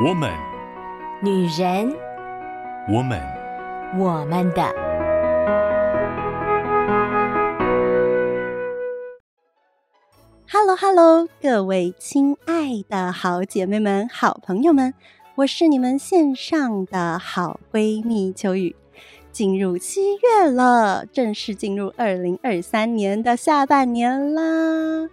我們，女人，我們，我們的。Hello Hello，各位親愛的好姐妹們、好朋友們，我是你們線上的好閨蜜秋雨。進入七月了，正式進入二零二三年的下半年啦。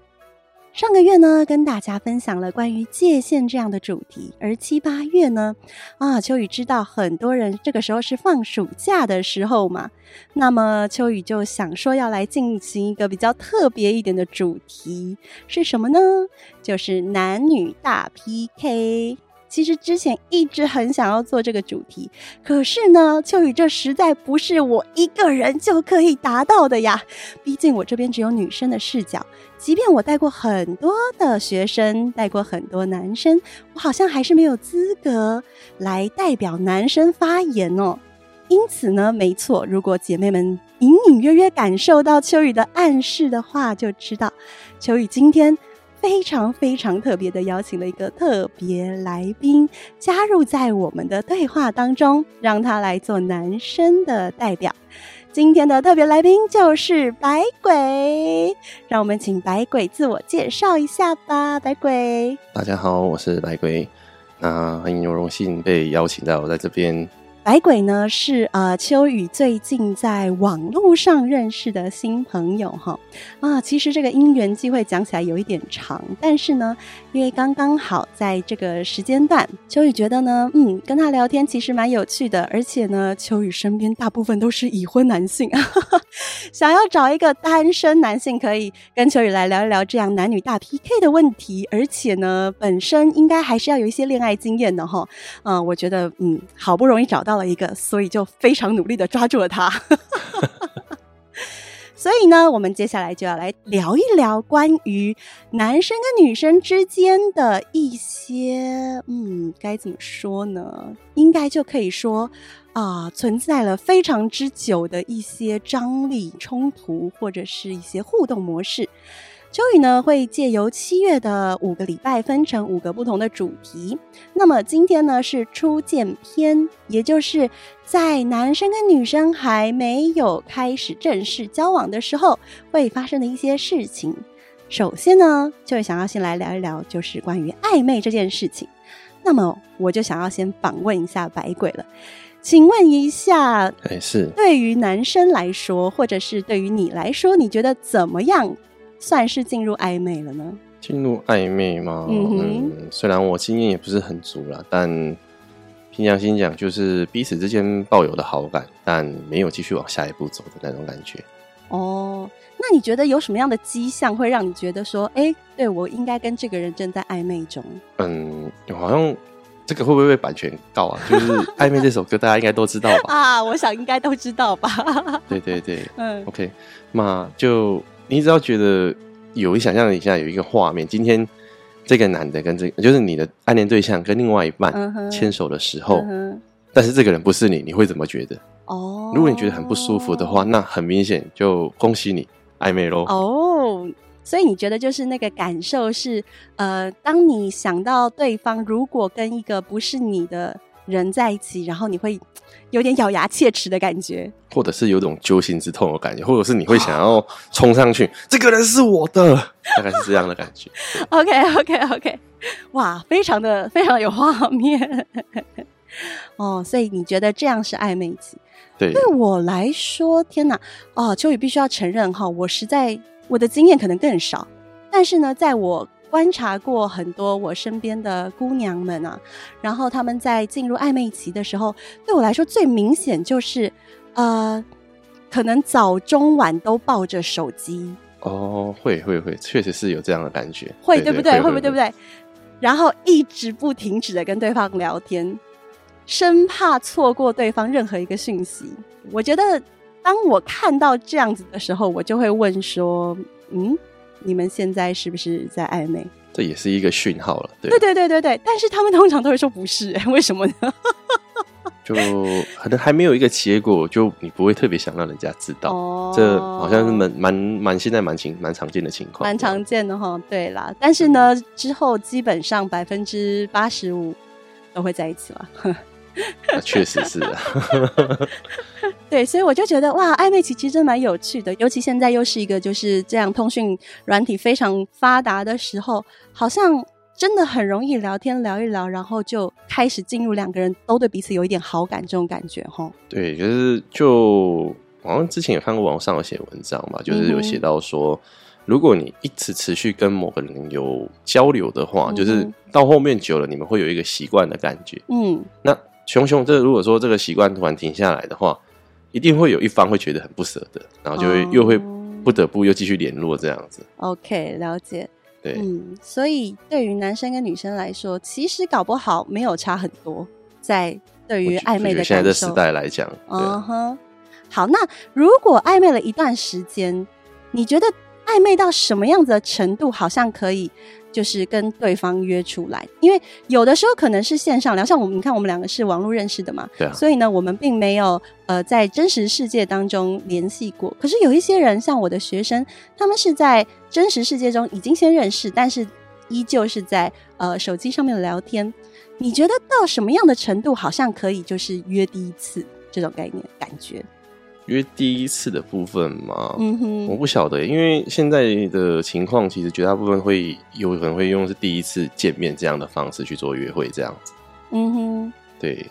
上個月呢，跟大家分享了關於界限這樣的主題，而七八月呢，啊，秋雨知道很多人這個時候是放暑假的時候嘛，那麼秋雨就想說要來進行一個比較特別一點的主題是什麼呢？就是男女大 PK。其實之前一直很想要做這個主題，可是呢，秋雨這實在不是我一個人就可以達到的呀。畢竟我這邊只有女生的視角，即便我帶過很多的學生，帶過很多男生，我好像還是沒有資格來代表男生發言哦。因此呢，沒錯，如果姐妹們隱隱約約感受到秋雨的暗示的話，就知道秋雨今天。非常非常特別的邀請了一個特別來賓加入在我們的對話當中，讓他來做男生的代表。今天的特別來賓就是百鬼，讓我們請百鬼自我介紹一下吧，百鬼。大家好，我是百鬼，那、呃、很有榮幸被邀請到我在這邊。百鬼呢，是啊、呃、秋雨最近在網絡上認識的新朋友哈啊其實這個姻緣際會講起來有一點長，但是呢因為剛剛好在這個時間段，秋雨覺得呢，嗯，跟他聊天其實蠻有趣的，而且呢秋雨身邊大部分都是已婚男性哈哈。想要找一個單身男性，可以跟秋雨來聊一聊這樣男女大 PK 的問題，而且呢本身應該還是要有一些戀愛經驗的哈。嗯、呃、我覺得嗯，好不容易找到。到了一個，所以就非常努力的抓住了他。所以呢，我們接下來就要來聊一聊關於男生跟女生之間的一些，嗯，該怎麼說呢？應該就可以說啊、呃，存在了非常之久的一些張力、衝突，或者是一些互動模式。秋雨呢會借由七月的五個禮拜分成五個不同的主題。那麼今天呢是初見篇，也就是在男生跟女生還沒有開始正式交往的時候會發生的一些事情。首先呢，就想要先來聊一聊，就是關於曖昧這件事情。那麼我就想要先訪問一下百鬼了，請問一下，哎，是對於男生來說，或者是對於你來說，你覺得怎麼樣？算是進入曖昧了呢？進入曖昧嗎？嗯,哼嗯，雖然我經驗也不是很足了、啊，但平常心講，就是彼此之間抱有的好感，但沒有繼續往下一步走的那種感覺。哦，那你覺得有什麼樣的跡象會讓你覺得說，哎、欸，對我應該跟這個人正在曖昧中？嗯，好像這個會不會被版權告啊？ 就是《曖昧》這首歌，大家應該都知道吧？ 啊，我想應該都知道吧？ 對對對， 嗯，OK，那就。你只要覺得有一想象一下有一個畫面，今天這個男的跟這個，就是你的暗戀對象跟另外一半牽手的時候，uh huh. uh huh. 但是這個人不是你，你會怎麼覺得？哦，oh. 如果你覺得很不舒服的話，那很明顯就恭喜你，曖昧咯。哦，oh, 所以你覺得就是那個感受是，呃，當你想到對方如果跟一個不是你的，人在一起，然後你會有點咬牙切齒的感覺，或者是有種揪心之痛的感覺，或者是你會想要衝上去， 這個人是我的， 大概是這樣的感覺。OK，OK，OK，okay, okay, okay. 哇，非常的非常的有畫面 哦，所以你覺得這樣是曖昧期？對，對我來說，天吶，哦，秋雨必須要承認哈，哦，我實在我的經驗可能更少，但是呢，在我。觀察過很多我身邊的姑娘們啊，然後他們在進入曖昧期的時候，對我來說最明顯就是，呃，可能早中晚都抱着手機。哦，會會會，確實是有這樣的感覺，會對不對？會不會對不對？然後一直不停止的跟對方聊天，生怕錯過對方任何一個訊息。我覺得，當我看到這樣子的時候，我就會問說，嗯。你們現在是不是在曖昧？這也是一個訊號了，對、啊。對對對對對，但是他們通常都會說不是、欸，為什麼呢？ 就可能還沒有一個結果，就你不會特別想讓人家知道。哦，這好像是蠻蠻蠻現在蠻常蠻，蠻常見的情況，蠻常見的哈、哦。對啦。但是呢，嗯、之後基本上百分之八十五都會在一起了。那確實是啊， 對，所以我就覺得哇，曖昧其實真蠻有趣的，尤其現在又是一個就是這樣通訊軟體非常發達的時候，好像真的很容易聊天聊一聊，然後就開始進入兩個人都對彼此有一點好感這種感覺，哈。對，就是就好像之前有看過網絡上有寫文章嘛，就是有寫到說，嗯、哼如果你一直持續跟某個人有交流的話，嗯、哼就是到後面久了，你們會有一個習慣的感覺，嗯，那。熊熊，這如果說這個習慣突然停下來的話，一定會有一方會覺得很不舍得，然後就會又會不得不又繼續聯絡這樣子。Oh. OK，了解。對，嗯，所以對於男生跟女生來說，其實搞不好沒有差很多，在對於曖昧的現在這個時代來講，嗯哼。Uh huh. 好，那如果曖昧了一段時間，你覺得曖昧到什麼樣子的程度，好像可以？就是跟對方約出來，因為有的時候可能是線上聊，像我們你看我們兩個是網絡認識的嘛，Yeah. 所以呢我們並沒有呃在真實世界當中聯繫過。可是有一些人像我的學生，他們是在真實世界中已經先認識，但是依舊是在呃手機上面聊天。你覺得到什麼樣的程度，好像可以就是約第一次這種概念感覺？因為第一次的部分嘛，嗯哼，我不曉得，因為現在的情況，其實絕大部分會有可能會用是第一次見面這樣的方式去做約會這樣子，嗯哼，對，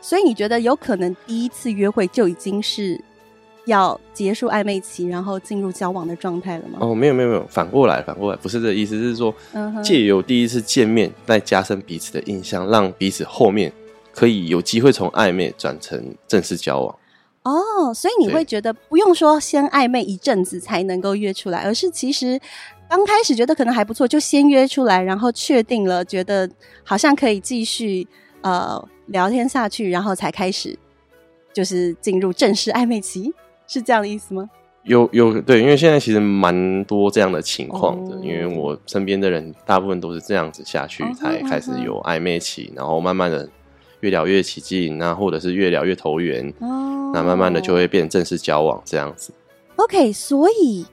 所以你覺得有可能第一次約會就已經是要結束曖昧期，然後進入交往的狀態了嗎？哦，沒有沒有沒有，反過來反過來，不是這個意思，就是說，借由第一次見面來加深彼此的印象，讓彼此後面可以有機會從曖昧轉成正式交往。哦，oh, 所以你會覺得不用說先曖昧一陣子才能夠約出來，所以，而是其實剛開始覺得可能還不錯，就先約出來，然後確定了，覺得好像可以繼續呃聊天下去，然後才開始就是進入正式曖昧期，是這樣的意思嗎？有有對，因為現在其實蠻多這樣的情況的，oh. 因為我身邊的人大部分都是這樣子下去、oh. 才開始有曖昧期，oh. 然後慢慢的。越聊越起勁、啊，那或者是越聊越投緣，那、oh. 慢慢的就會變成正式交往這樣子。OK，所以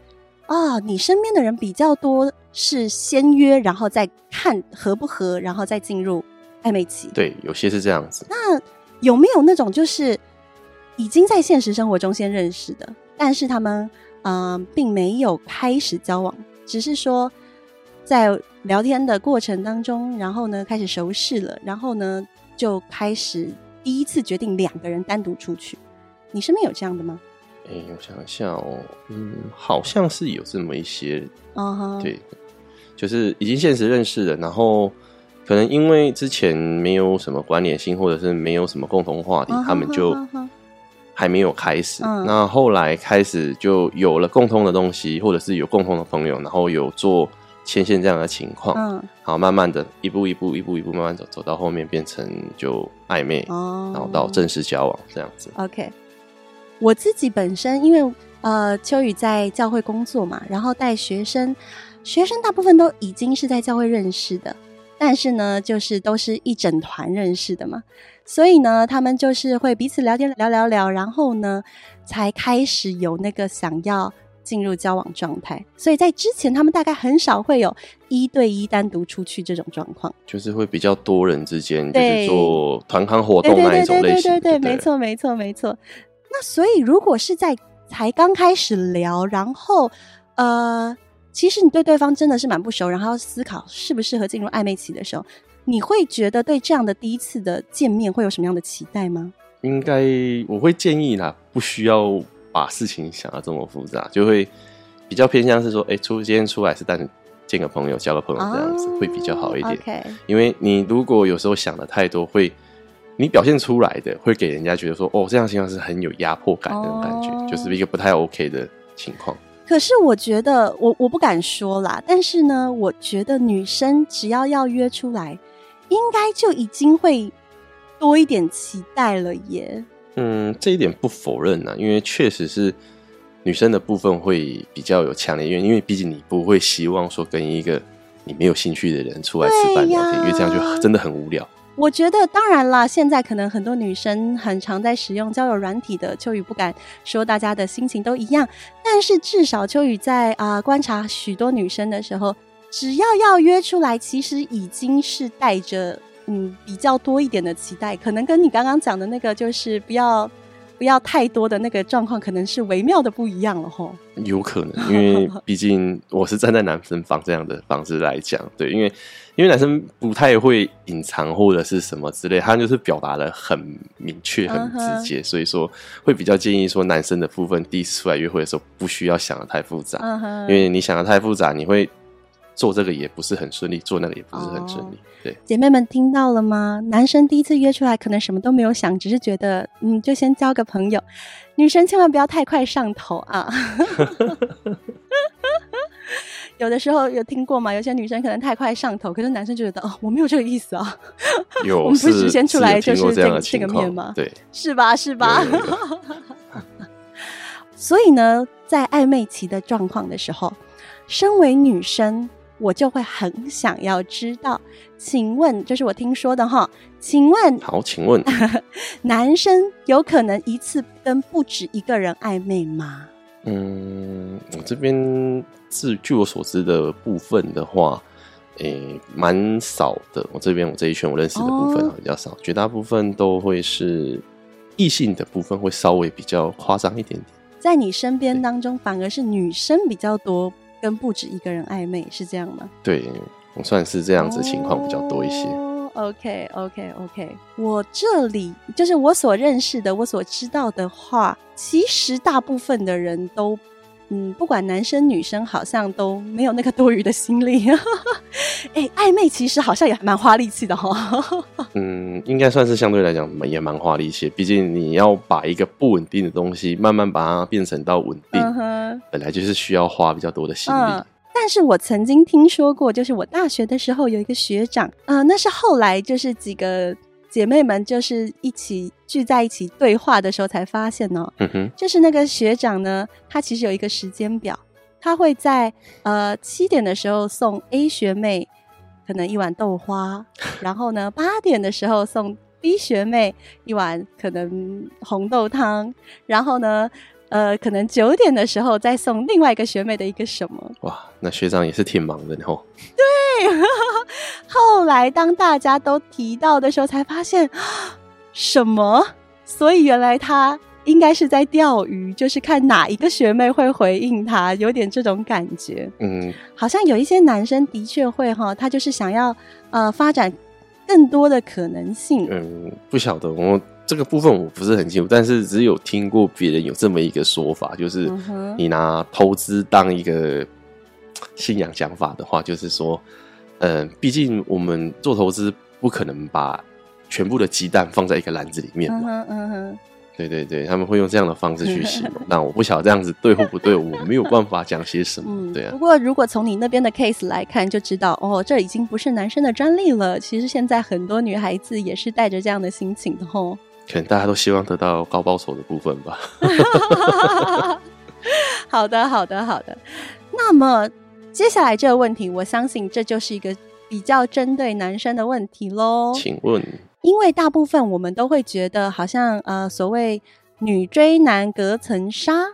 啊、哦，你身邊的人比較多是先約，然後再看合不合，然後再進入曖昧期。對，有些是這樣子。那有沒有那種就是已經在現實生活中先認識的，但是他們嗯、呃、並沒有開始交往，只是說在聊天的過程當中，然後呢開始熟識了，然後呢？就開始第一次決定兩個人單獨出去，你身邊有這樣的嗎？哎、欸，我想一下哦，嗯，好像是有這麼一些，uh huh. 對，就是已經現實認識了，然後可能因為之前沒有什麼關聯性，或者是沒有什麼共同話題，uh huh. 他們就還沒有開始。Uh huh. uh huh. 那後來開始就有了共同的東西，或者是有共同的朋友，然後有做。牽線這樣的情況，嗯、好，慢慢的一步一步一步一步慢慢走，走到後面變成就曖昧，哦、然後到正式交往這樣子。OK，我自己本身因為呃秋雨在教會工作嘛，然後帶學生，學生大部分都已經是在教會認識的，但是呢，就是都是一整團認識的嘛，所以呢，他們就是會彼此聊天聊聊聊，然後呢，才開始有那個想要。進入交往狀態，所以在之前他們大概很少會有一對一單獨出去這種狀況，就是會比較多人之間，對就是做團康活動那一種類型。對對，對對對對對，對沒錯沒錯沒錯。那所以如果是在才剛開始聊，然後呃，其實你對對方真的是蠻不熟，然後要思考適不適合進入曖昧期的時候，你會覺得對這樣的第一次的見面會有什麼樣的期待嗎？應該我會建議呢，不需要。把事情想得這麼複雜，就會比較偏向是說，哎、欸，出今天出來是帶你見個朋友，交個朋友這樣子，oh, 會比較好一點。okay. 因為你如果有時候想得太多，會你表現出來的會給人家覺得說，哦，這樣情況是很有壓迫感那種感覺，oh. 就是一個不太 OK 的情況。可是我覺得，我我不敢說啦，但是呢，我覺得女生只要要約出來，應該就已經會多一點期待了耶。嗯，這一點不否認吶、啊，因為確實是女生的部分會比較有強烈意願，因為畢竟你不會希望說跟一個你沒有興趣的人出來吃飯聊天，呀因為這樣就真的很無聊。我覺得當然啦，現在可能很多女生很常在使用交友軟體的，秋雨不敢說大家的心情都一樣，但是至少秋雨在啊、呃、觀察許多女生的時候，只要要約出來，其實已經是帶着。嗯，比較多一點的期待，可能跟你剛剛講的那個，就是不要不要太多的那個狀況，可能是微妙的不一樣了哦。有可能，因為畢竟我是站在男生方這樣的方式來講，對，因為因為男生不太會隱藏或者是什麼之類，他就是表達得很明確、很直接，uh huh. 所以說會比較建議說，男生的部分第一次出來約會的時候，不需要想得太複雜，uh huh. 因為你想得太複雜，你會。做這個也不是很順利，做那個也不是很順利。哦、對，姐妹們聽到了嗎？男生第一次約出來，可能什麼都沒有想，只是覺得嗯，就先交個朋友。女生千萬不要太快上頭啊！ 有的時候有聽過嗎？有些女生可能太快上頭，可是男生就覺得哦，我沒有這個意思啊。有 我們不是先出來就是見、這個、這,這個面嗎？對，是吧？是吧？所以呢，在曖昧期的狀況的時候，身為女生。我就會很想要知道，請問，這是我聽說的哈？請問，好，請問， 男生有可能一次跟不止一個人曖昧嗎？嗯，我這邊是據我所知的部分的話，誒、欸，蠻少的。我這邊我這一圈我認識的部分、啊 oh, 比較少，絕大部分都會是異性的部分會稍微比較誇張一點點。在你身邊當中，反而是女生比較多。跟不止一個人曖昧是這樣嗎？對，我算是這樣子情況比較多一些。Oh, OK，OK，OK okay, okay, okay. 我這裡就是我所認識的，我所知道的話，其實大部分的人都嗯，不管男生女生，好像都沒有那個多餘的心力。哎、 欸，曖昧其實好像也蠻花力氣的哦。 嗯，應該算是相對來講，也蠻花力氣。畢竟你要把一個不穩定的東西，慢慢把它變成到穩定，uh huh. 本來就是需要花比較多的心力。Uh huh. uh, 但是我曾經聽說過，就是我大學的時候有一個學長，啊、呃，那是後來就是幾個。姐妹們就是一起聚在一起對話的時候才發現呢，哦，嗯哼，就是那個學長呢，他其實有一個時間表，他會在呃七點的時候送 A 學妹可能一碗豆花，然後呢八點的時候送 B 學妹一碗可能紅豆湯，然後呢。呃，可能九點的時候再送另外一個學妹的一個什麼？哇，那學長也是挺忙的，吼、哦。對，呵呵，後來當大家都提到的時候，才發現什麼？所以原來他應該是在釣魚，就是看哪一個學妹會回應他，有點這種感覺。嗯，好像有一些男生的確會哈，他就是想要呃發展更多的可能性。嗯，不曉得我。這個部分我不是很清楚，但是只有聽過別人有這麼一個說法，就是你拿投資當一個信仰想法的話，就是說，嗯、呃，畢竟我們做投資不可能把全部的雞蛋放在一個籃子裡面嘛嗯。嗯嗯，對對對，他們會用這樣的方式去形容。那、嗯、哼我不曉得這樣子對或不對，我沒有辦法講些什麼。嗯、對啊，不過如果從你那邊的 case 來看，就知道哦，這已經不是男生的專利了。其實現在很多女孩子也是帶着這樣的心情的哦。可能大家都希望得到高報酬的部分吧 好的，好的，好的。那麼接下來這個問題，我相信這就是一個比較針對男生的問題咯。請問，因為大部分我們都會覺得好像呃，所謂女追男隔層紗。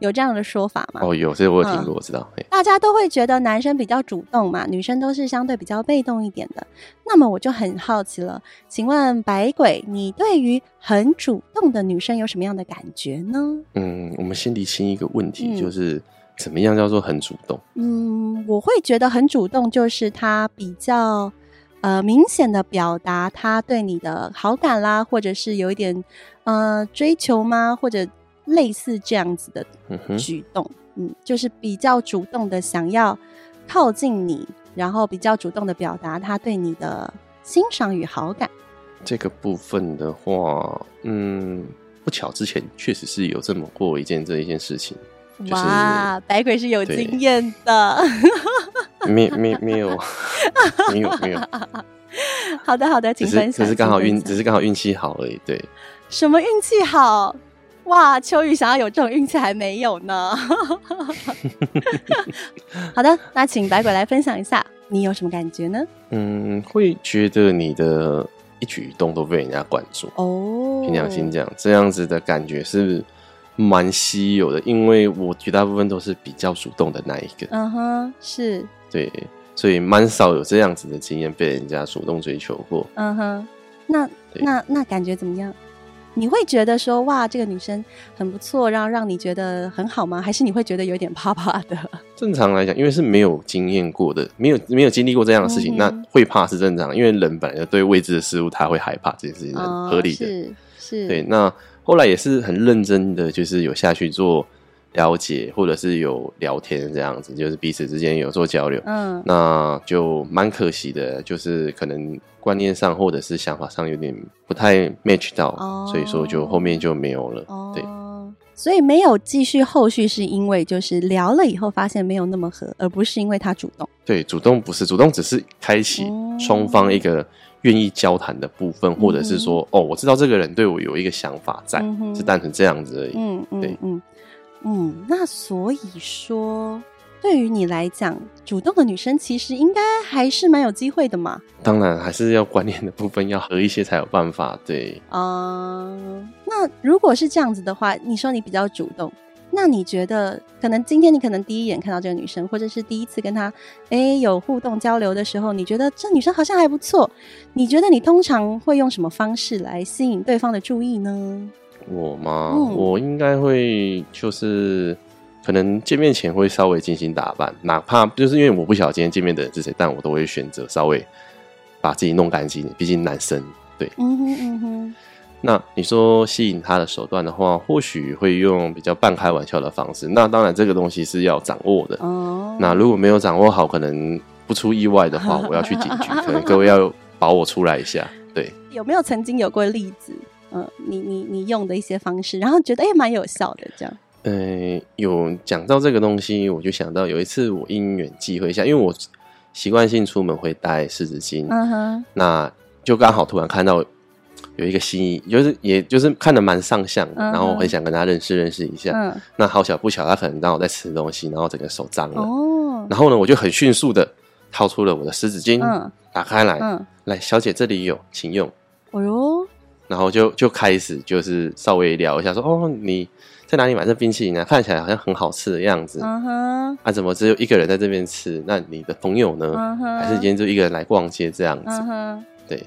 有這樣的說法嗎？哦，有，這個我有聽過，嗯、我知道。大家都會覺得男生比較主動嘛，女生都是相對比較被動一點的。那麼我就很好奇了，請問百鬼，你對於很主動的女生有什麼樣的感覺呢？嗯，我們先理清一個問題，就是怎麼樣叫做很主動？嗯，我會覺得很主動，就是他比較呃明顯的表達他對你的好感啦，或者是有一點呃追求嗎？或者？類似這樣子的舉動，嗯，哼嗯，就是比較主動的想要靠近你，然後比較主動的表達他對你的欣賞與好感。這個部分的話，嗯，不巧之前確實是有這麼過一件這一件事情。就是、哇，嗯、百鬼是有經驗的，對 沒沒沒有， 沒有，沒有沒有。 好的好的，請分享。只是剛好運，只是剛好運氣好而已、欸。對，什麼運氣好？哇，秋雨想要有這種運氣還沒有呢。 好的，那請百鬼來分享一下，你有什麼感覺呢？嗯，會覺得你的一舉一動都被人家關注哦。憑良心講，這樣子的感覺是蠻稀有的，因為我絕大部分都是比較主動的那一個。嗯哼，是對，所以蠻少有這樣子的經驗被人家主動追求過。嗯哼，那對那那感覺怎麼樣？你會覺得說哇，這個女生很不錯，然後讓你覺得很好嗎？還是你會覺得有點怕怕的？正常來講，因為是沒有經驗過的，沒有沒有經歷過這樣的事情，嗯、那會怕是正常。因為人本來就對未知的事物，他會害怕這件事情，很合理的。是、哦、是。是對，那後來也是很認真的，就是有下去做。了解，或者是有聊天這樣子，就是彼此之間有做交流。嗯，那就蠻可惜的，就是可能觀念上或者是想法上有點不太 match 到。哦、所以說就後面就沒有了。哦、對，所以沒有繼續後續是因為就是聊了以後發現沒有那麼合，而不是因為他主動。對，主動不是主動，只是開啟雙方一個願意交談的部分，嗯、或者是說，哦，我知道這個人對我有一個想法在，嗯、哼是單純這樣子而已。嗯，對，嗯。嗯，那所以說，對於你來講，主動的女生其實應該還是蠻有機會的嘛。當然，還是要觀念的部分要合一些才有辦法。對，嗯，uh, 那如果是這樣子的話，你說你比較主動，那你覺得可能今天你可能第一眼看到這個女生，或者是第一次跟她誒有互動交流的時候，你覺得這女生好像還不錯，你覺得你通常會用什麼方式來吸引對方的注意呢？我嗎、嗯、我應該會就是，可能見面前會稍微精心打扮，哪怕就是因為我不曉得今天見面的人是誰，但我都會選擇稍微把自己弄乾淨。畢竟男生，對，嗯哼嗯哼。那你說吸引他的手段的話，或許會用比較半開玩笑的方式。那當然，這個東西是要掌握的。哦。那如果沒有掌握好，可能不出意外的話，我要去警局。 可能各位要保我出來一下。對。有沒有曾經有過例子？嗯，你你你用的一些方式，然後覺得哎蠻有效的這樣。嗯、呃，有講到這個東西，我就想到有一次我因緣際會一下，因為我習慣性出門會帶濕紙巾，嗯哼、uh，huh. 那就剛好突然看到有一個新衣，就是也就是看的蠻上相的，uh huh. 然後我很想跟他認識認識一下。嗯、uh，huh. 那好巧不巧，他可能讓我在吃東西，然後整個手髒了。哦，oh. 然後呢，我就很迅速的掏出了我的濕紙巾，uh huh. 打開來，嗯、uh，huh. 來，小姐這裡有，請用。哦呦、uh。Huh. 然後就就開始就是稍微聊一下，說哦，你在哪裡買這冰淇淋啊？看起來好像很好吃的樣子。啊怎麼只有一個人在這邊吃？那你的朋友呢？還是今天就一個人來逛街這樣子？啊對，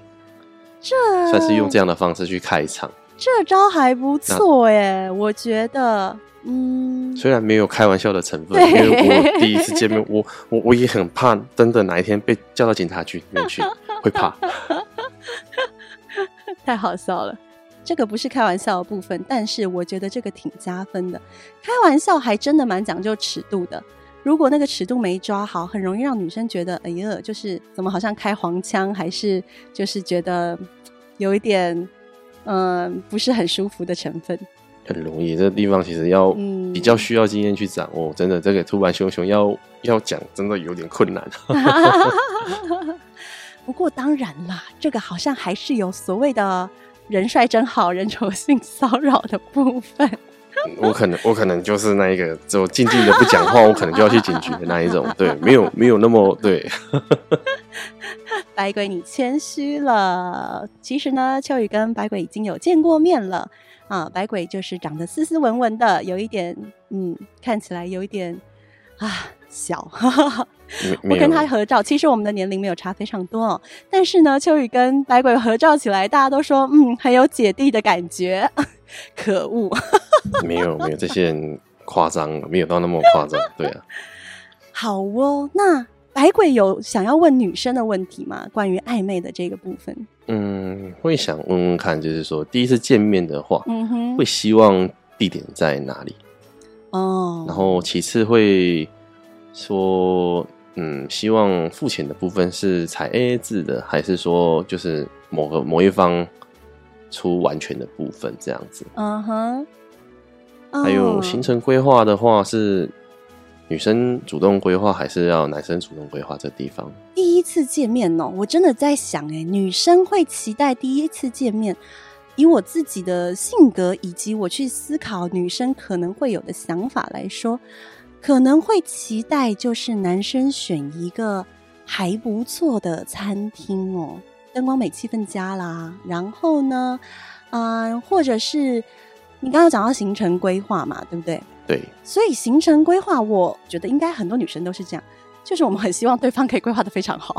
這算是用這樣的方式去開場，這招還不錯耶，我覺得，嗯，雖然沒有開玩笑的成分，因為我第一次見面，我我我也很怕，真的哪一天被叫到警察局裡面去，會怕。太好笑了，這個不是開玩笑的部分，但是我覺得這個挺加分的。開玩笑還真的蠻講究尺度的，如果那個尺度沒抓好，很容易讓女生覺得，哎呀，就是怎麼好像開黃腔，還是就是覺得有一點，嗯、呃，不是很舒服的成分。很容易，這個地方其實要比較需要經驗去掌握、嗯哦。真的，這個突然熊熊要要講，真的有點困難。 不過當然了，這個好像還是有所謂的人帥真好、人醜性騷擾的部分。 我可能我可能就是那一個，就靜靜的不講話， 我可能就要去警局的那一種。 對，沒有沒有那麼對。 百鬼，你謙虛了。其實呢，秋雨跟百鬼已經有見過面了啊。百鬼就是長得斯斯文文的，有一點，嗯，看起來有一點啊。小， 沒我跟他合照，其實我們的年齡沒有差非常多哦。但是呢，秋雨跟百鬼合照起來，大家都說嗯，很有姐弟的感覺。可惡， 沒有沒有，這些人誇張了，沒有到那麼誇張。 對啊，好哦。那百鬼有想要問女生的問題嗎？關於曖昧的這個部分，嗯，會想問問看，就是說第一次見面的話，嗯、哼會希望地點在哪裡？哦，然後其次會。說嗯，希望付錢的部分是採 A A 制的，還是說就是某個某一方出完全的部分這樣子？嗯哼、uh。Huh. Oh. 還有行程規劃的話，是女生主動規劃，還是要男生主動規劃？這地方第一次見面哦、喔，我真的在想、欸，哎，女生會期待第一次見面。以我自己的性格，以及我去思考女生可能會有的想法來說。可能會期待就是男生選一個還不錯的餐廳哦，燈光美、氣氛佳啦。然後呢，嗯、呃，或者是你剛剛講到行程規劃嘛，對不對？對。所以行程規劃，我覺得應該很多女生都是這樣，就是我們很希望對方可以規劃得非常好，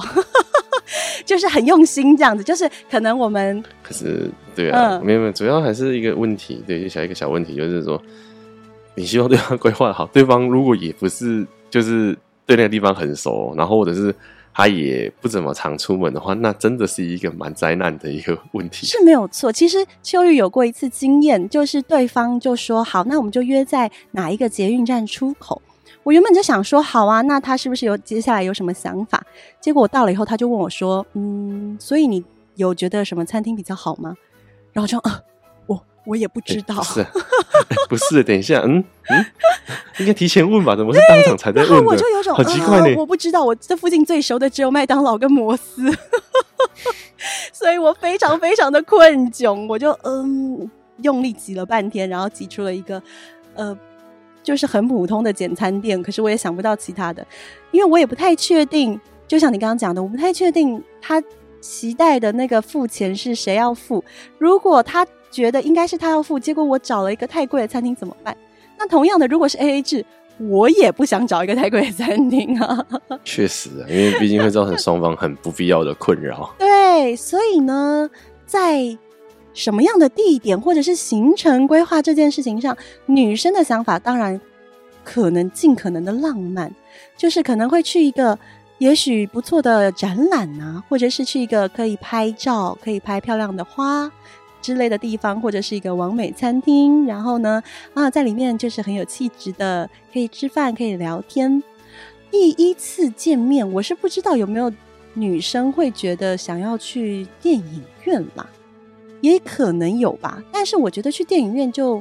就是很用心這樣子。就是可能我們可是對啊，沒有、嗯、沒有，主要還是一個問題，對，一小一個小問題，就是說。你希望對方規劃好，對方如果也不是就是對那個地方很熟，然後或者是他也不怎麼常出門的話，那真的是一個蠻災難的一個問題。是沒有錯。其實秋雨有過一次經驗，就是對方就說好，那我們就約在哪一個捷運站出口。我原本就想說好啊，那他是不是有接下來有什麼想法？結果我到了以後，他就問我說：“嗯，所以你有覺得什麼餐廳比較好嗎？”然後就。啊我也不知道、欸，不是、啊 欸，不是、啊。等一下，嗯嗯，應該提前問吧？怎麼是當場才在問？我就有種、呃、我不知道，我這附近最熟的只有麥當勞跟摩斯， 所以我非常非常的困窘。我就嗯、呃，用力擠了半天，然後擠出了一個呃，就是很普通的簡餐店。可是我也想不到其他的，因為我也不太確定。就像你剛剛講的，我不太確定他期待的那個付錢是誰要付。如果他覺得應該是他要付，結果我找了一個太貴的餐廳怎麼辦？那同樣的，如果是 AA 制，我也不想找一個太貴的餐廳啊。確實，因為畢竟會造成雙方很不必要的困擾。 對，所以呢，在什麼樣的地點或者是行程規劃這件事情上，女生的想法當然可能盡可能的浪漫，就是可能會去一個也許不錯的展覽啊，或者是去一個可以拍照、可以拍漂亮的花。之類的地方，或者是一個網美餐廳，然後呢，啊，在裡面就是很有氣質的，可以吃飯，可以聊天。第一次見面，我是不知道有沒有女生會覺得想要去電影院啦，也可能有吧。但是我覺得去電影院就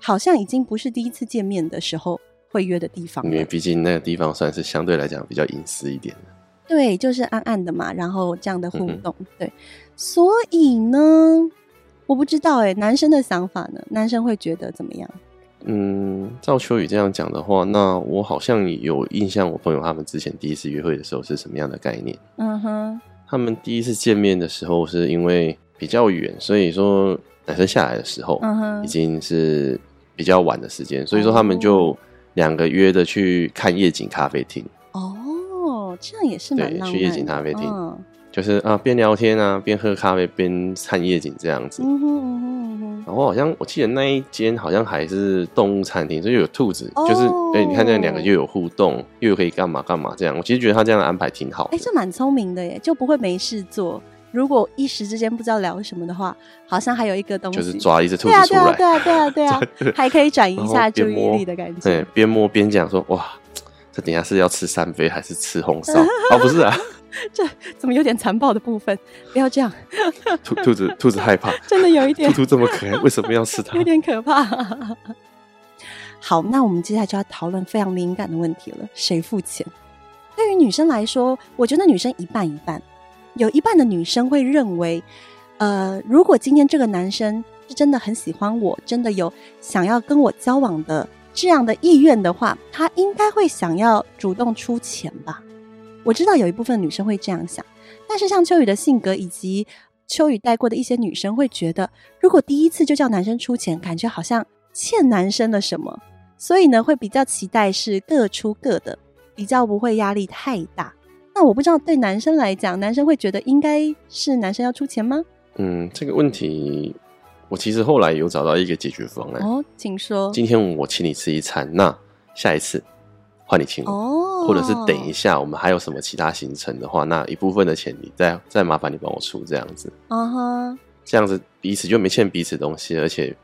好像已經不是第一次見面的時候會約的地方的，因為畢竟那個地方算是相對來講比較隱私一點的。對，就是暗暗的嘛，然後這樣的互動，嗯嗯對，所以呢。我不知道哎，男生的想法呢？男生會覺得怎麼樣？嗯，照秋雨這樣講的話，那我好像有印象，我朋友他們之前第一次約會的時候是什麼樣的概念？嗯哼、uh，huh. 他們第一次見面的時候是因為比較遠，所以說男生下來的時候已經是比較晚的時間，uh huh. 所以說他們就兩個約着去看夜景咖啡廳。哦，oh, 這樣也是嗎？對，去夜景咖啡廳。Oh. 就是啊，邊聊天啊，邊喝咖啡，邊看夜景這樣子。嗯哼嗯哼嗯哼。然後好像我記得那一間好像還是動物餐廳，所以有兔子，哦、就是哎、欸，你看這兩個又有互動，又有可以幹嘛幹嘛這樣。我其實覺得他這樣的安排挺好。哎、欸，這蠻聰明的耶，就不會沒事做。如果一時之間不知道聊什麼的話，好像還有一個東西，就是抓一隻兔子出來，對啊對啊，對啊對啊對啊，還可以轉移一下注意力的感覺。對，邊、欸、摸邊講說哇，這等一下是要吃三杯還是吃紅燒啊、 哦？不是啊。 這怎麼有點殘暴的部分？不要這樣，兔 兔子兔子害怕，真的有一點。 兔兔這麼可愛，為什麼要試探？有點可怕啊。好，那我們接下來就要討論非常敏感的問題了。誰付錢？對於女生來說，我覺得女生一半一半。有一半的女生會認為，呃，如果今天這個男生是真的很喜歡我，真的有想要跟我交往的這樣的意願的話，他應該會想要主動出錢吧。我知道有一部分女生會這樣想，但是像秋雨的性格以及秋雨帶過的一些女生會覺得，如果第一次就叫男生出錢，感覺好像欠男生的什麼，所以呢，會比較期待是各出各的，比較不會壓力太大。那我不知道對男生來講，男生會覺得應該是男生要出錢嗎？嗯，這個問題我其實後來有找到一個解決方案。哦，請說。今天我請你吃一餐，那下一次。換你請我，oh. 或者是等一下，我們還有什麼其他行程的話，那一部分的錢你再再麻煩你幫我出，這樣子，啊哈、uh，huh. 這樣子彼此就沒欠彼此東西，而且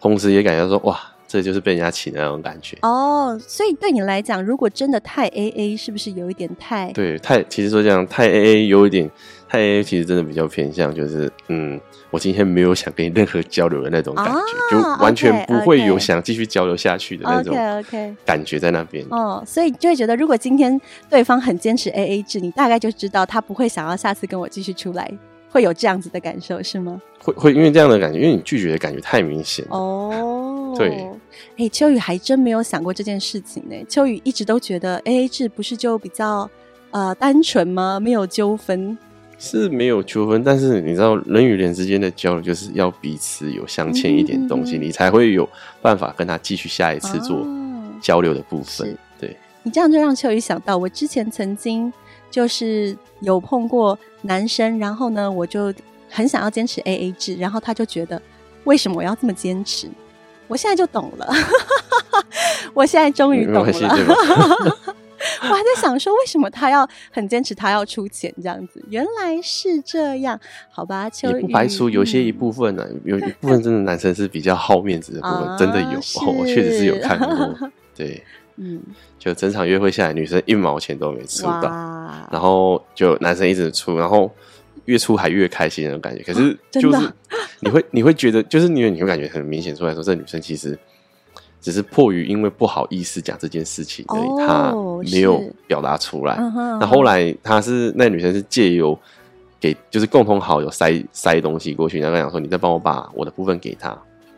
同時也感覺說哇。這就是被人家請的那種感覺哦。Oh, 所以對你來講，如果真的太 A A，是不是有一點太？對，太，其實說這樣太 A A，有一點太 A A，其實真的比較偏向就是，嗯，我今天沒有想跟你任何交流的那種感覺，oh, 就完全不會有想繼續交流下去的那種 OK OK 感覺在那邊哦。Okay, okay. Oh, okay. Oh, 所以就會覺得，如果今天對方很堅持 A A 制，你大概就知道他不會想要下次跟我繼續出來，會有這樣子的感受是嗎？會會，會因為這樣的感覺，因為你拒絕的感覺太明顯哦。Oh. 對，哎、欸，秋雨還真沒有想過這件事情呢。秋雨一直都覺得 AA 制不是就比較、呃、單純嗎？沒有糾紛，是沒有糾紛。但是你知道，人與人之間的交流就是要彼此有鑲嵌一點東西，嗯嗯嗯嗯，你才會有辦法跟他繼續下一次做交流的部分。哦、對，你這樣就讓秋雨想到，我之前曾經就是有碰過男生，然後呢，我就很想要堅持 AA 制，然後他就覺得為什麼我要這麼堅持？我現在就懂了， 我現在終於懂了。嗯、 我還在想說，為什麼他要很堅持，他要出錢這樣子？原來是這樣，好吧？也不排除有些一部分呢、啊， 有一部分真的男生是比較好面子的部分，啊、真的有是，我確實是有看過。對，嗯，就整場約會下來，女生一毛錢都沒出到，哇然後就男生一直出，然後。越出海越開心那種感覺，可是就是你會、啊啊、 你會你會覺得，就是因為你會感覺很明顯，出來說，這女生其實只是迫於因為不好意思講這件事情，而已。她、哦、沒有表達出來。是那後來她是那女生是借由給就是共同好友塞塞東西過去，然後講說你再幫我把我的部分給她，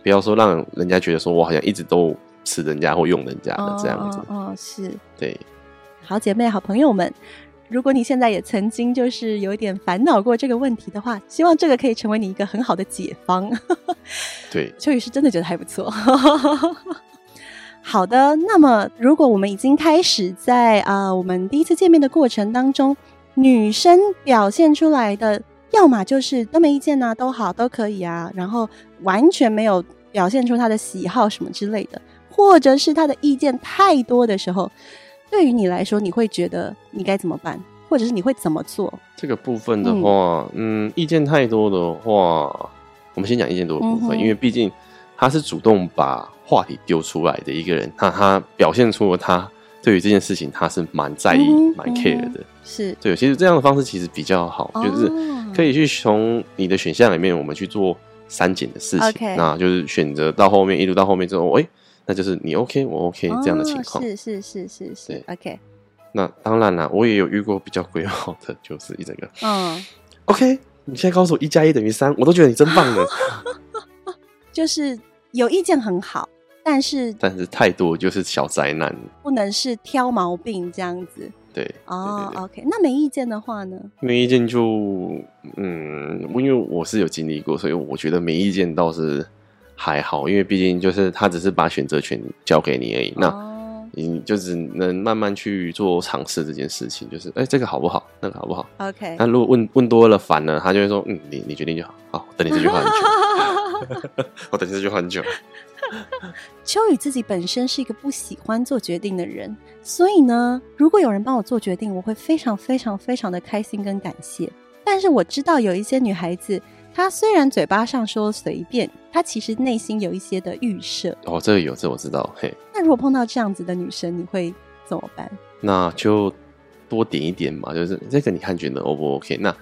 不要說讓人家覺得說我好像一直都吃人家或用人家的、哦、這樣子哦。哦，是，對，好姐妹，好朋友們。如果你現在也曾經就是有一點煩惱過這個問題的話，希望這個可以成為你一個很好的解方。 對，秋雨是真的覺得還不錯。 好的，那麼如果我們已經開始在啊、呃，我們第一次見面的過程當中，女生表現出來的，要麼就是都沒意見呢、啊，都好，都可以啊，然後完全沒有表現出她的喜好什麼之類的，或者是她的意見太多的時候。對於你來說，你會覺得你該怎麼辦，或者是你會怎麼做？這個部分的話，嗯，嗯，意見太多的話，我們先講意見多的部分，嗯、哼因為畢竟他是主動把話題丟出來的一個人，他他表現出了他對於這件事情他是蠻在意、嗯、哼蠻 care 的。嗯、是對，其實這樣的方式其實比較好，就是可以去從你的選項裡面，我們去做刪減的事情。嗯、哼那就是選擇到後面，一路到後面之後，哎、哦。誒那就是你 OK，我 OK 這樣的情況，哦，是是是是是對，OK。那當然了，啊，我也有遇過比較鬼好的，就是一整個，嗯、oh.，OK。你現在告訴我一加一等於三，3, 我都覺得你真棒的。 就是有意見很好，但是但是太多就是小災難，不能是挑毛病這樣子。對，哦，oh,，OK。那沒意見的話呢？沒意見就嗯，因為我是有經歷過，所以我覺得沒意見倒是。還好，因為畢竟就是他只是把選擇權交給你而已，oh. 那你就只能慢慢去做嘗試這件事情。就是，哎、欸，這個好不好？那個好不好？OK。那如果問問多了煩了，他就會說，嗯，你你決定就好，好，等你這句話很久，我等你這句話很久。秋雨自己本身是一個不喜歡做決定的人，所以呢，如果有人幫我做決定，我會非常非常非常的開心跟感謝。但是我知道有一些女孩子。他雖然嘴巴上說隨便，他其實內心有一些的預設哦，這個有，這個、我知道。嘿，那如果碰到這樣子的女生，你會怎麼辦？那就多點一點嘛，就是這個你看覺得 O 不 OK？那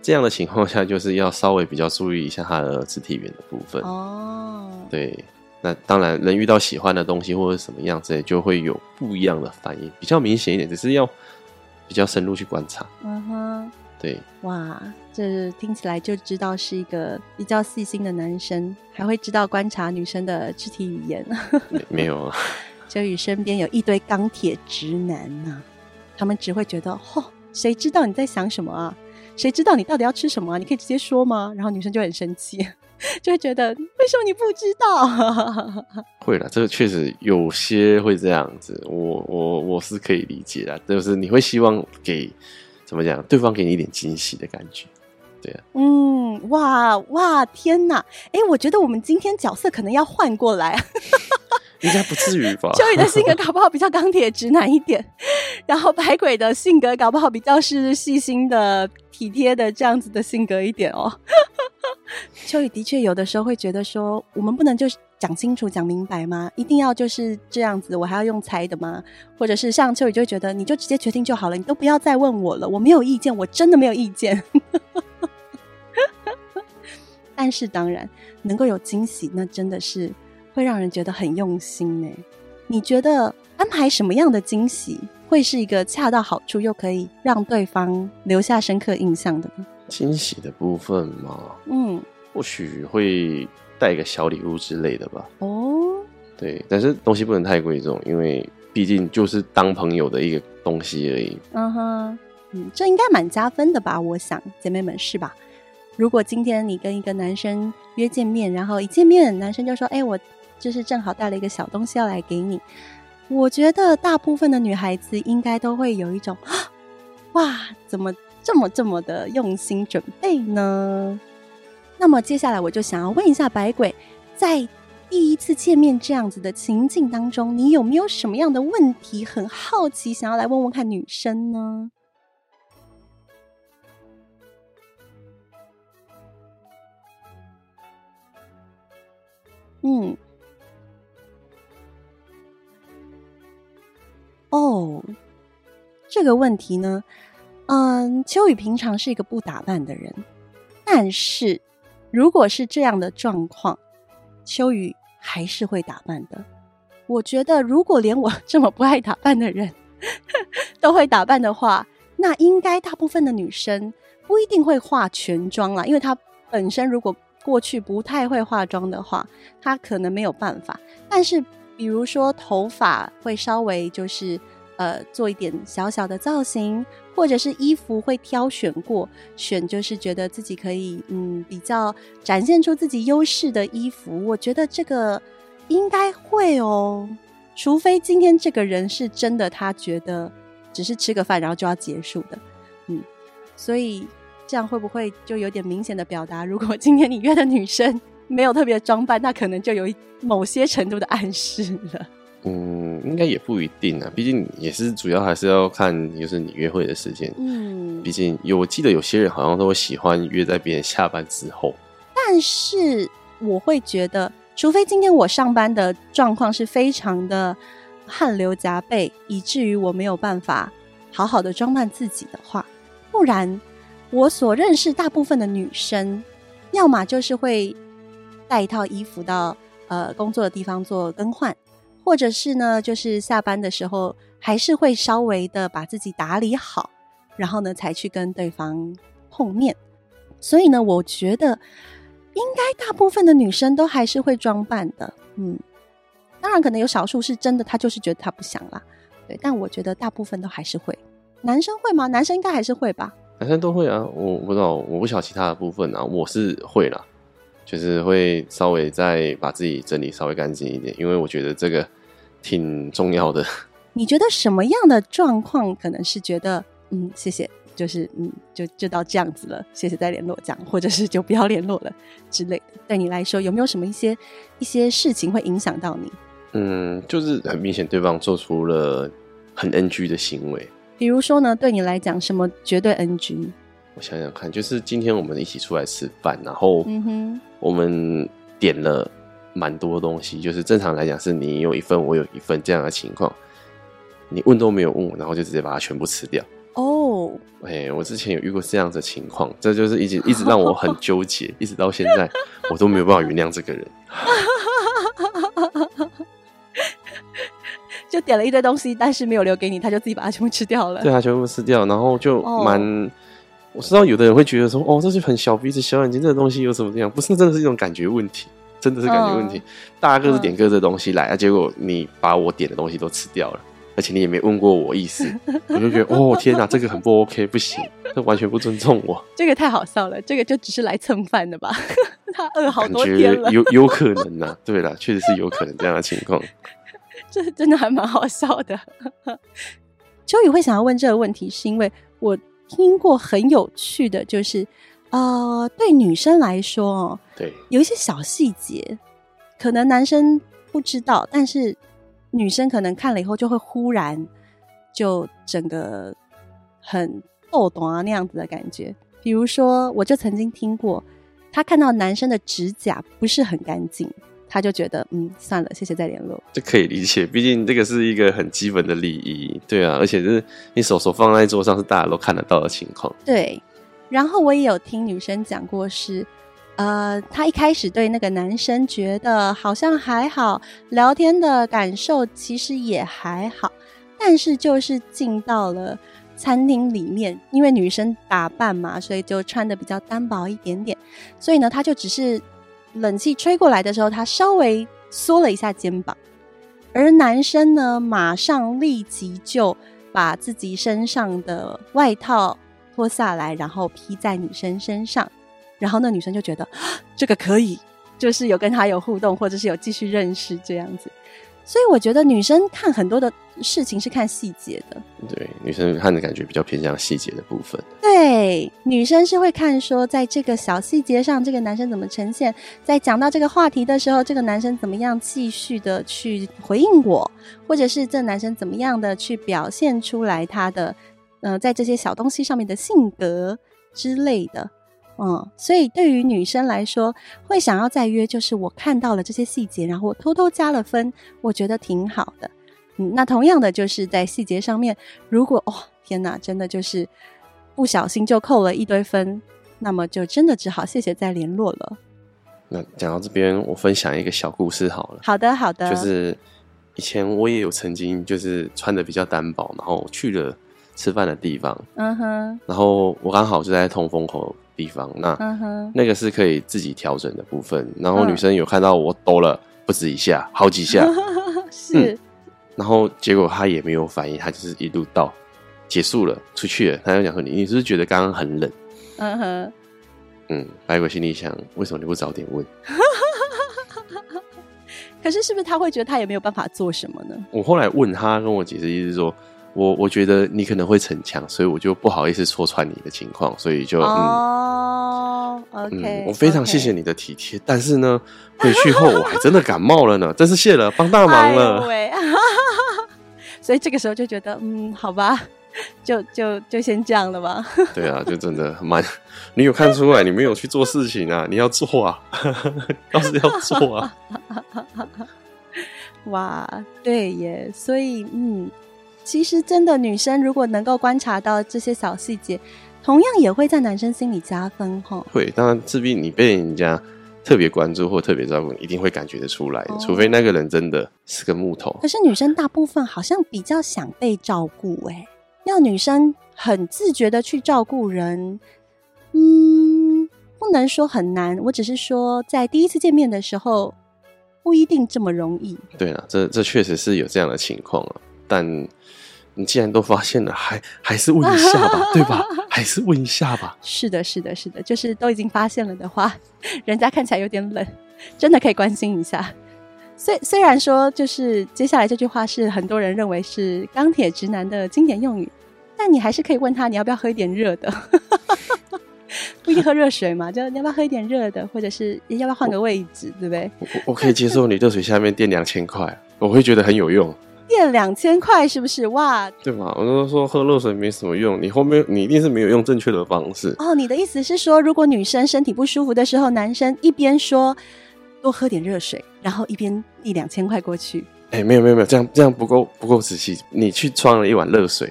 這樣的情況下，就是要稍微比較注意一下他的肢體語言的部分哦。對，那當然能遇到喜歡的東西或者什麼樣子，就會有不一樣的反應，比較明顯一點，只是要比較深入去觀察。嗯哼，對，哇。這聽起來就知道是一個比較細心的男生，還會知道觀察女生的肢體語言。沒有，秋雨 身邊有一堆鋼鐵直男呢、啊、他們只會覺得，嚯、哦，誰知道你在想什麼啊？誰知道你到底要吃什麼、啊？你可以直接說嗎？然後女生就很生氣，就會覺得為什麼你不知道？ 會了，這個確實有些會這樣子，我我我是可以理解的，就是你會希望給怎麼講，對方給你一點驚喜的感覺。嗯，哇哇，天吶！哎，我覺得我們今天角色可能要換過來， 應該不至於吧？秋雨的性格搞不好比較鋼鐵直男一點， 然後百鬼的性格搞不好比較是細心的、體貼的這樣子的性格一點哦。 秋雨的確有的時候會覺得說，我們不能就是講清楚、講明白嗎？一定要就是這樣子？我還要用猜的嗎？或者是像秋雨就覺得，你就直接決定就好了，你都不要再問我了，我沒有意見，我真的沒有意見。 但是當然，能夠有驚喜，那真的是會讓人覺得很用心耶。你覺得安排什麼樣的驚喜會是一個恰到好處又可以讓對方留下深刻印象的呢？驚喜的部分嘛，嗯，或許會帶一個小禮物之類的吧。哦，對，但是東西不能太貴重，因為畢竟就是當朋友的一個東西而已。嗯哼、啊，嗯，這應該蠻加分的吧？我想，姐妹們是吧？如果今天你跟一個男生約見面，然後一見面，男生就說：“哎，我就是正好帶了一個小東西要來給你。”我覺得大部分的女孩子應該都會有一種啊：“哇，怎麼這麼這麼的用心準備呢？”那麼接下來我就想要問一下百鬼，在第一次見面這樣子的情境當中，你有沒有什麼樣的問題很好奇，想要來問問看女生呢？嗯，哦，oh，這個問題呢，嗯，秋雨平常是一個不打扮的人，但是如果是這樣的狀況，秋雨還是會打扮的。我覺得，如果連我這麼不愛打扮的人都會打扮的話，那應該大部分的女生不一定會化全妝啦，因為她本身如果。過去不太會化妝的話，他可能沒有辦法。但是，比如說頭髮會稍微就是呃做一點小小的造型，或者是衣服會挑選過選，就是覺得自己可以嗯比較展現出自己優勢的衣服。我覺得這個應該會哦，除非今天這個人是真的，他覺得只是吃個飯然後就要結束的。嗯，所以。這樣會不會就有點明顯的表達？如果今天你約的女生沒有特別裝扮，那可能就有某些程度的暗示了。嗯，應該也不一定啊，畢竟也是主要還是要看，就是你約會的時間。嗯，畢竟有我記得有些人好像都會喜歡約在別人下班之後。但是我會覺得，除非今天我上班的狀況是非常的汗流浹背，以至於我沒有辦法好好的裝扮自己的話，不然。我所認識大部分的女生，要嘛就是會帶一套衣服到呃工作的地方做更換，或者是呢，就是下班的時候還是會稍微的把自己打理好，然後呢才去跟對方碰面。所以呢，我覺得應該大部分的女生都還是會裝扮的。嗯，當然可能有少數是真的，她就是覺得她不想啦。對，但我覺得大部分都還是會。男生會嗎？男生應該還是會吧。好像都會啊，我不知道，我不曉其他的部分啊，我是會啦，就是會稍微再把自己整理稍微乾淨一點，因為我覺得這個挺重要的。你覺得什麼樣的狀況可能是覺得，嗯，謝謝，就是嗯，就就到這樣子了，謝謝再聯絡這樣，或者是就不要聯絡了之類的。對你來說，有沒有什麼一些一些事情會影響到你？嗯，就是很明顯對方做出了很 NG 的行為。比如說呢，對你來講什麼絕對 NG？我想想看，就是今天我們一起出來吃飯，然後，嗯哼，我們點了蠻多東西，就是正常來講是你有一份，我有一份這樣的情況，你問都沒有問，然後就直接把它全部吃掉。哦，哎，我之前有遇過這樣的情況，這就是一直一直讓我很糾結， 一直到現在我都沒有辦法原諒這個人。 就點了一堆東西，但是沒有留給你，他就自己把它全部吃掉了。對、啊，他全部吃掉，然後就蠻…… Oh. 我知道有的人會覺得說：“哦，這是很小鼻子、小眼睛，這個、東西有什麼這樣？”不是，真的是一種感覺問題，真的是感覺問題。Oh. 大家各自點各自的東西來，oh. 啊，結果你把我點的東西都吃掉了，而且你也沒問過我意思， 我就覺得：“哦，天哪，這個很不 OK，不行，這完全不尊重我。” 這個太好笑了，這個就只是來蹭飯的吧？ 他餓好多天了，感覺有有可能呢、啊？對了，確實是有可能這樣的情況。這真的還蠻好笑的。 秋雨會想要問這個問題，是因為我聽過很有趣的，就是啊、呃，對女生來說，對有一些小細節，可能男生不知道，但是女生可能看了以後就會忽然就整個很豆懂，啊，那樣子的感覺。比如說，我就曾經聽過，她看到男生的指甲不是很乾淨。他就覺得，嗯，算了，謝謝再聯絡，就可以理解，畢竟這個是一個很基本的禮儀，對啊，而且就是你手手放在桌上是大家都看得到的情況，對。然後我也有聽女生講過，是，呃，她一開始對那個男生覺得好像還好，聊天的感受其實也還好，但是就是進到了餐廳裡面，因為女生打扮嘛，所以就穿的比較單薄一點點，所以呢，他就只是。冷氣吹過來的時候，他稍微縮了一下肩膀，而男生呢，馬上立即就把自己身上的外套脫下來，然後披在女生身上，然後那女生就覺得這個可以，就是有跟他有互動，或者是有繼續認識這樣子。所以我覺得女生看很多的事情是看細節的。對，女生看的感覺比較偏向細節的部分。對，女生是會看說，在這個小細節上，這個男生怎麼呈現；在講到這個話題的時候，這個男生怎麼樣繼續的去回應我，或者是這男生怎麼樣的去表現出來他的，呃，在這些小東西上面的性格之類的。嗯，所以對於女生來說，會想要再約，就是我看到了這些細節，然後我偷偷加了分，我覺得挺好的。嗯，那同樣的，就是在細節上面，如果哦，天哪，真的就是不小心就扣了一堆分，那麼就真的只好謝謝再聯絡了。那講到這邊，我分享一個小故事好了。好的，好的。就是以前我也有曾經，就是穿得比較單薄，然後去了吃飯的地方。嗯哼、uh-huh，然後我剛好就在通風口。地方那、uh huh. 那個是可以自己調整的部分，然後女生有看到我抖了不止一下，好幾下，uh huh. 是、嗯，然後結果她也沒有反應，她就是一路到結束了，出去了，她就講說你，你是不是覺得剛剛很冷？嗯哼、uh，huh. 嗯，百鬼心裡想，為什麼你不早點問？ 可是是不是他會覺得他也沒有辦法做什麼呢？我後來問他，跟我解釋，意思是說。我我覺得你可能會逞強，所以我就不好意思戳穿你的情況，所以就嗯、oh，OK，嗯我非常謝謝你的體貼。okay. 但是呢，回去後我還真的感冒了呢， 真是謝了，幫大忙了。I will. 所以這個時候就覺得，嗯，好吧，就就就先這樣了吧。 對啊，就真的蠻，你有看出來你沒有去做事情啊？你要做啊， 倒是要做啊。 哇，對耶，所以嗯。其實，真的女生如果能夠觀察到這些小細節，同樣也會在男生心裡加分哈。會，當然，畢竟你被人家特別關注或特別照顧，你一定會感覺得出來的。哦，除非那個人真的是個木頭。可是，女生大部分好像比較想被照顧哎。要女生很自覺的去照顧人，嗯，不能說很難。我只是說，在第一次見面的時候，不一定這麼容易。對啊，這這確實是有這樣的情況啊。但你既然都發現了，還還是問一下吧， 對吧？還是問一下吧。是的，是的，是的，就是都已經發現了的話，人家看起來有點冷，真的可以關心一下。雖雖然說，就是接下來這句話是很多人認為是鋼鐵直男的經典用語，但你還是可以問他，你要不要喝一點熱的？ 不一定喝熱水嘛， 就你要不要喝一點熱的，或者是要不要換個位置，我對不吧對？我我可以接受你熱水下面墊兩千塊， 我會覺得很有用。墊兩千塊是不是哇？對嘛？我都說喝熱水沒什麼用，你後面你一定是沒有用正確的方式。哦，你的意思是說，如果女生身體不舒服的時候，男生一邊說多喝點熱水，然後一邊墊兩千塊過去？哎，沒有沒有沒有，這樣這樣不夠不夠仔細。你去裝了一碗熱水，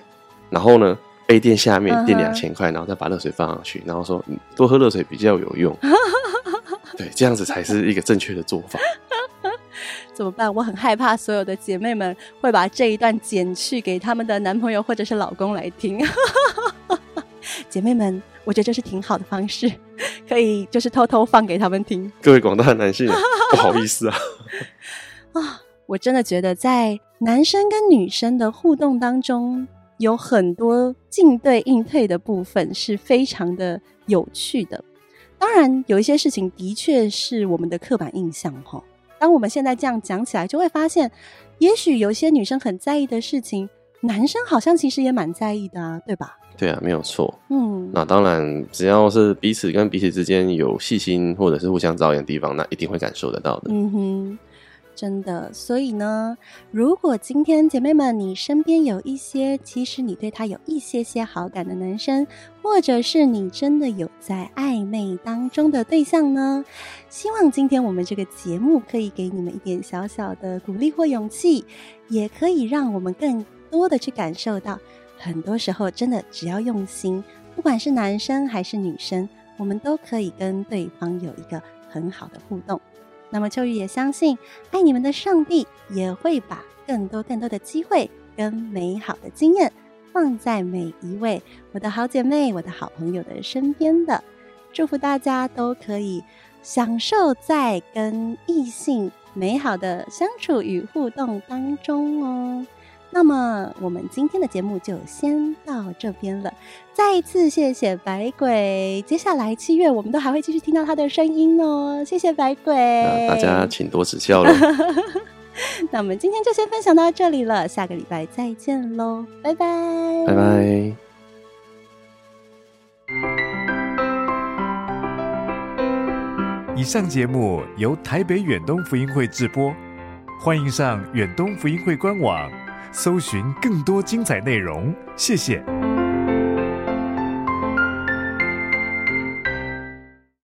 然後呢杯墊下面墊兩千塊，uh huh. 然後再把熱水放上去，然後說多喝熱水比較有用。 對，這樣子才是一個正確的做法。怎麼辦？我很害怕所有的姐妹們會把這一段剪去給他們的男朋友或者是老公來聽。 姐妹們，我覺得這是挺好的方式，可以就是偷偷放給他們聽。各位廣大的男性、啊， 不好意思啊。啊 、哦，我真的覺得在男生跟女生的互動當中，有很多進對應退的部分是非常的有趣的。當然，有一些事情的確是我們的刻板印象哈、哦。當我們現在這樣講起來，就會發現，也許有些女生很在意的事情，男生好像其實也蠻在意的啊，對吧？對啊，沒有錯。嗯，那當然，只要是彼此跟彼此之間有細心或者是互相照應的地方，那一定會感受得到的。嗯哼。真的，所以呢，如果今天姐妹們，你身邊有一些其實你對他有一些些好感的男生，或者是你真的有在曖昧當中的對象呢，希望今天我們這個節目可以給你們一點小小的鼓勵或勇氣，也可以讓我們更多的去感受到，很多時候真的只要用心，不管是男生還是女生，我們都可以跟對方有一個很好的互動。那麼秋雨也相信，愛你們的上帝也會把更多更多的機會跟美好的經驗放在每一位我的好姐妹、我的好朋友的身邊的，祝福大家都可以享受在跟異性美好的相處與互動當中哦。那麼我們今天的節目就先到這邊了，再一次謝謝百鬼。接下來七月我們都還會繼續聽到他的聲音哦，謝謝百鬼。大家請多指教了。 那我們今天就先分享到這裡了，下個禮拜再見嘍，拜拜，拜拜 bye。以上節目由台北遠東福音會直播，歡迎上遠東福音會官網，搜尋更多精彩內容，謝謝。